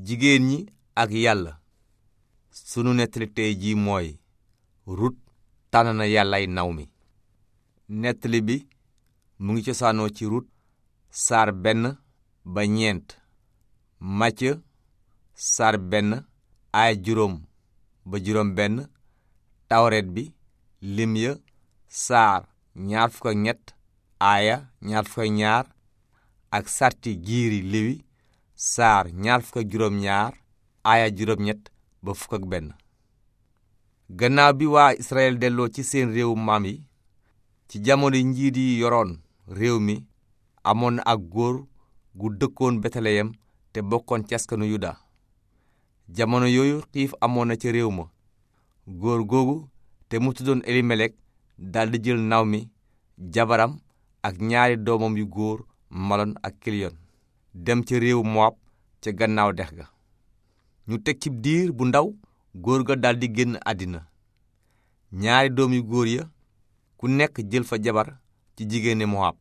jigéen ñi ak yàlla sunu nettali tey ji mooy rut tànn na yàllay naw mi nettali bi mu ngi cosaanoo ci rut saar benn ba ñeent macca saar benn aay juróom ba juróom benn tawret bi lim ya saar ñaar fukk ak ñett aaya ñaar fukk ak ñaar ak sarti giiri liwi saar ñaar fukk gannaaw bi waa Israël delloo ci seen réewu maam yi ci jamono njiit yi yoroon réew mi amoon na ak góor gu dëkkoon Betleyem te bokkoon ci askanu Yuda jamono yooyu xiif amoon na ca réew ma góor googu te mu doon Elimelek daldi jël mi jabaram ak ñaari doomam yu góor Malon ak Kiliyon dem ca réew Moab ca gannaaw dex ga ñu teg ci diir bu ndaw góor ga daldi génn àddina ñaari doom yu góor ya ku nekk jël fa jabar ci jigéeni Moab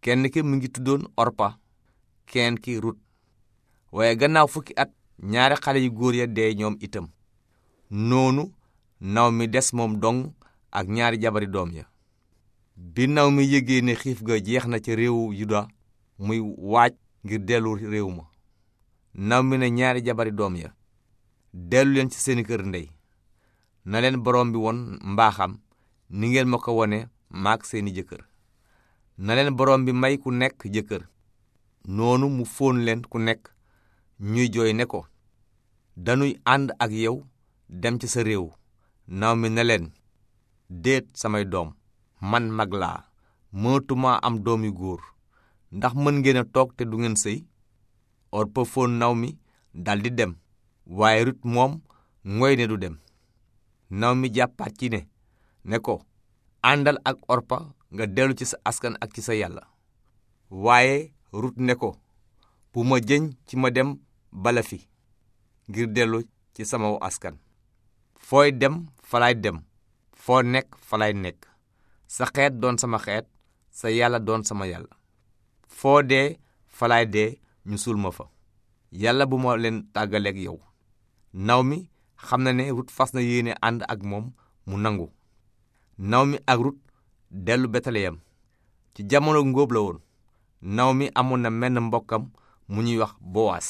kenn ki mu ngi tuddoon Orpa kenn ki Rut waaye gannaaw fukki at ñaari xale yu góor ya dee ñoom itam noonu naw mi des moom dong ak ñaari jabari doom ya bi naw mi yëgee ne xiif ga jeex na ca réewu Yuda muy waaj ngir dellu réew ma Naomi ne ñaari jabari doom ya dellu leen ci seeni kër ndey na leen borom bi won mbaaxam ni ngeen ma ko wone maak seeni jëkkër naleen boroom bi may ku nekk jëkkër noonu mu fóon leen ku nekk ñuy jooy ne ko dañuy ànd ak yow dem ci sa réew Naomi ne leen déet samay doom man mag la mënatuma am doom yu góor ndax mën ngeen a toog te du ngeen sëy orpofoon naw mi daldi dem waaye rut moom ngoy ne du dem naw mi jàppaat ci ne ne ko àndal ak orpa nga dellu ci sa askan ak ci sa yàlla waaye rut ne ko bu ma jëñ ci ma dem bala fi ngir dellu ci sama askan fooy dem falaay dem foo nekk falaay nekk sa xeet doon sama xeet sa yàlla doon sama yàlla foo dee falaay dee ñu suul ma fa yàlla bu ma leen tàggaleeg yow naw mi xam na ne rut fas na yéene ànd ak moom mu nangu naw mi ak rut dellu beteleyam ci jamono ngóob la woon naw mi amoon na menn mbokkam mu ñuy wax bowaas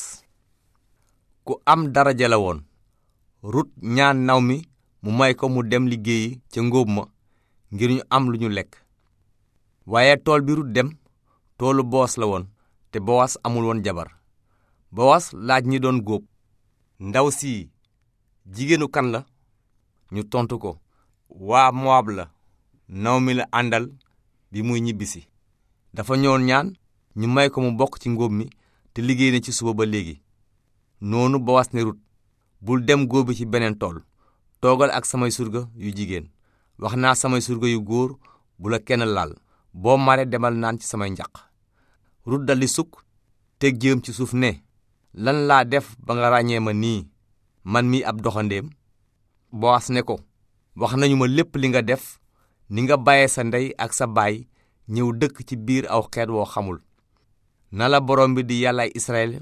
ku am daraja la woon rut ñaan naw mi mu may ko mu dem liggéeyi ca ngóob ma ngir ñu am lu ñu lekk waaye tool bi rut dem toolu boos la woon te bowas amul woon jabar bowas laaj ñi doon góob ndaw si jigéenu kan la ñu tontu ko waa mowaab la mi la àndal bi muy ñibbisi dafa ñëwoon ñaan ñu may ko mu bokk ci ngóob mi te liggéey na ci suba ba léegi noonu bowas ne rut bul dem góobi ci beneen tool toogal ak samay surga yu jigéen wax naa samay surga yu góor bu la kenn laal boo maree demal naan ci samay njaq rut daldi sukk teg jéem ci suuf ne lan laa def ba nga ràññee ma nii man mi ab doxandéem boas ne ko wax nañu ma lépp li nga def ni nga bàyyee sa ndey ak sa baay ñëw dëkk ci biir aw xeet woo xamul na la borom bi di yàllaay Israël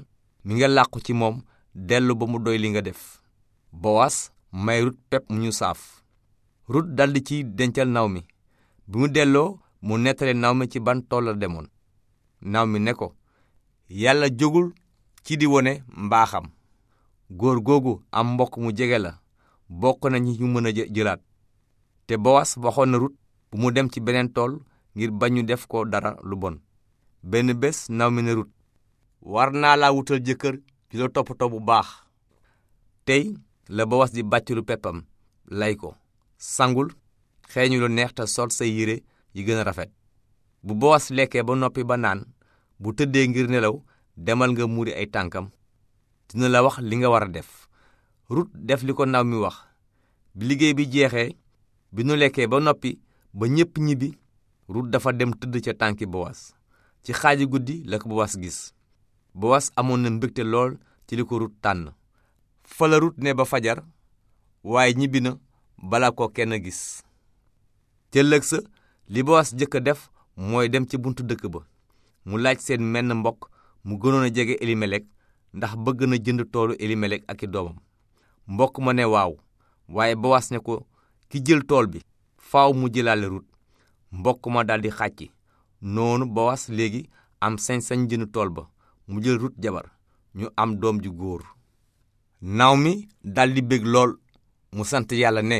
mi nga làqu ci moom dellu ba mu doy li nga def boas may rut pep mu ñu saaf rut daldi ci dencal naw mi bi mu delloo mu nettali naw mi ci ban tool la demoon mi ne ko yàlla jógul ci di wone mbaaxam góor googu am mbokk mu jege la bokk na ñi ñu mën a jëlaat te Bowas waxoon na Rut bu mu dem ci beneen tool ngir bañ ñu def ko dara lu bon benn bés Naomi ne Rut war naa la wutal jëkkër ju la toppatoo bu baax tey la Bowas di bàccilu peppam lay ko sangul xeeñu lu neex te sol say yére yi gën a rafet bu boos lekkee ba noppi ba naan bu tëddee ngir nelaw demal nga muuri ay tànkam dina la wax li nga war a def rut def li ko naw mi wax bi liggéey bi jeexee bi nu lekkee ba noppi ba ñépp ñibbi rut dafa dem tëdd ca tànki bowas ci xaaji guddi la ko bowas gis bowas amoon na mbégte lool ci li ko rut tànn fa la ne ba fajar waaye ñibbi na bala ko kenn gis ca lëg sa li bowas jëkk a def mooy dem ca buntu dëkk ba mu laaj seen menn mbokk mu gënoon a jege elimelek ndax bëgg na jënd toolu elimelek ak i doomam mbokk ma ne waaw waaye bawaas ne ko ki jël tool bi faw mu jëlaale rut mbokk ma daldi xàcci noonu bawas léegi am sañ-sañ jënd tool ba mu jël rut jabar ñu am doom ju góor mi daldi bég lool mu sant yàlla ne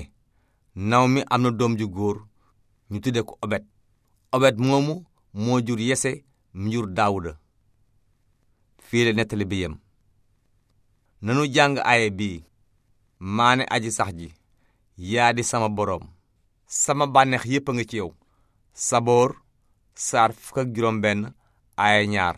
mi am na doom ju góor ñu tudde ko obet obed moomu moo jur yese mu jur daawuda fii la nettali bi yem nanu jàng aaye bii maane aji sax ji yaa di sama boroom sama bànneex yépp a ngi ci yow saboor saar fukk ak juróom benn aaye ñaar